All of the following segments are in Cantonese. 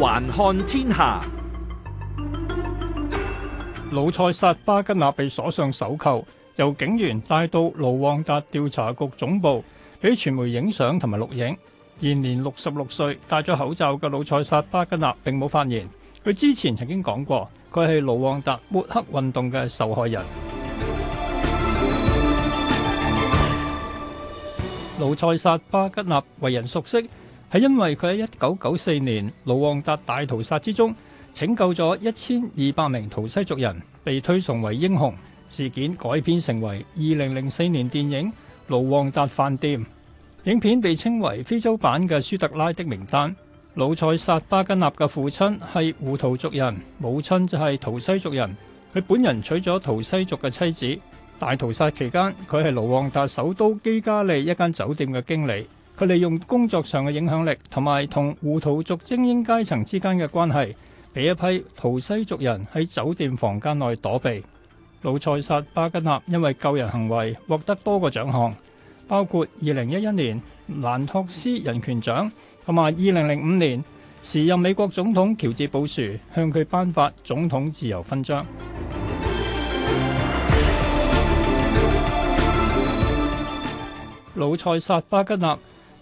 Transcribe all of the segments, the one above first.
環看天下，魯塞薩巴吉納被鎖上手銬，由警員帶到盧旺達調查局總部，俾傳媒影相同埋錄影。現年六十六歲，戴咗口罩嘅魯塞薩巴吉納並冇發言。佢之前曾經講過，佢係盧旺達抹黑運動嘅受害人。魯塞薩巴吉納為人熟悉，係因為佢喺一九九四年盧旺達大屠殺之中拯救咗一千二百名圖西族人，被推崇為英雄。事件改編成為二零零四年電影《盧旺達飯店》，影片被稱為非洲版嘅《舒特拉的名單》。魯塞薩巴吉納嘅父親係胡圖族人，母親就係圖西族人。佢本人娶咗圖西族嘅妻子。大屠殺期間，佢係盧旺達首都基加利一間酒店嘅經理。佢利用工作上嘅影響力，同埋同胡圖族精英階層之間嘅關係，俾一批圖西族人喺酒店房間內躲避。魯塞薩巴吉納因為救人行為獲得多個獎項，包括二零一一年蘭托斯人權獎同埋二零零五年時任美國總統喬治布殊向佢頒發總統自由勳章。魯塞薩巴吉納。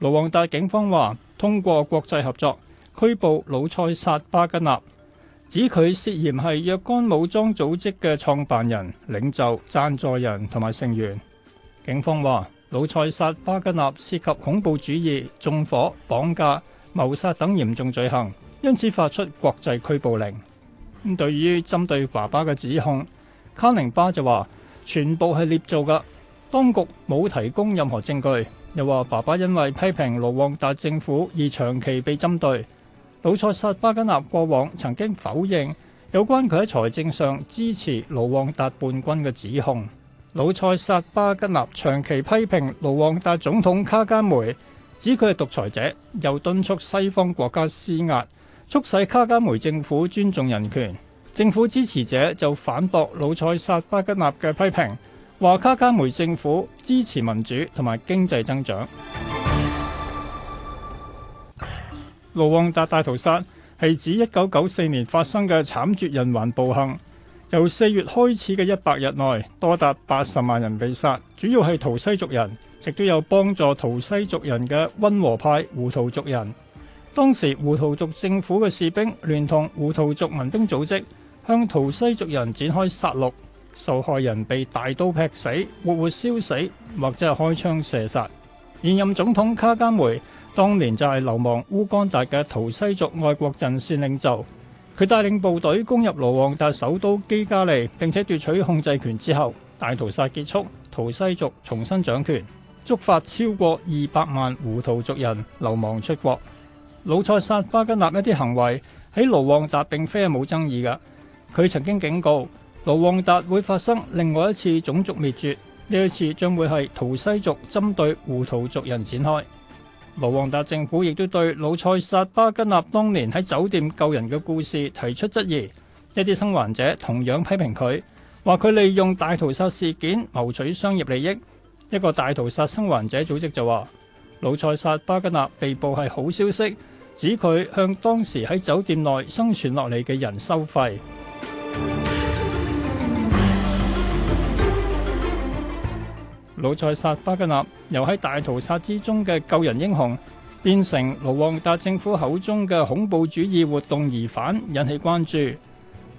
盧旺達警方話，通過國際合作拘捕魯塞薩巴吉納，指佢涉嫌係若干武裝組織嘅創辦人、領袖、贊助人同埋成員。警方話，魯塞薩巴吉納涉及恐怖主義、縱火、綁架、謀殺等嚴重罪行，因此發出國際拘捕令。咁對於針對爸爸嘅指控，卡寧巴就話：全部係捏造噶，當局冇提供任何證據。又話爸爸因為批評盧旺達政府而長期被針對。魯塞薩巴吉納過往曾經否認有關佢喺財政上支持盧旺達叛軍嘅指控。魯塞薩巴吉納長期批評盧旺達總統卡加梅，指佢係獨裁者，又敦促西方國家施壓，促使卡加梅政府尊重人權。政府支持者就反駁魯塞薩巴吉納嘅批評。話卡加梅政府支持民主同埋經濟增長。盧旺達大，大屠殺係指一九九四年發生嘅慘絕人寰暴行。由四月開始嘅一百日內，多達八十萬人被殺，主要係圖西族人，亦都有幫助圖西族人嘅溫和派胡圖族人。當時胡圖族政府嘅士兵聯同胡圖族民兵組織，向圖西族人展開殺戮。受害人被大刀劈死、活活燒死，或者係開槍射殺。現任總統卡加梅當年就係流亡烏干達嘅圖西族外國陣線領袖，佢帶領部隊攻入盧旺達首都基加利並且奪取控制權，之後大屠殺結束，圖西族重新掌權，觸發超過二百萬胡圖族人流亡出國。魯塞薩巴吉納一啲行為喺盧旺達並非係冇爭議噶，佢曾經警告，盧旺達會發生另外一次種族滅絕，呢一次將會係圖西族針對胡圖族人展開。盧旺達政府亦都對魯塞薩巴吉納當年喺酒店救人嘅故事提出質疑，一啲生還者同樣批評佢，話佢利用大屠殺事件謀取商業利益。一個大屠殺生還者組織就話，魯塞薩巴吉納被捕係好消息，指佢向當時喺酒店內生存落嚟嘅人收費。盧塞薩巴吉納由喺大屠殺之中嘅救人英雄，變成盧旺達政府口中嘅恐怖主義活動疑犯，引起關注。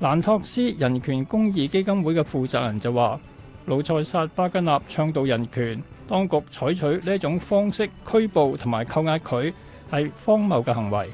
蘭托斯人權公義基金會嘅負責人就話：魯塞薩巴吉納倡導人權，當局採取呢一種方式拘捕同埋扣押佢，係荒謬嘅行為。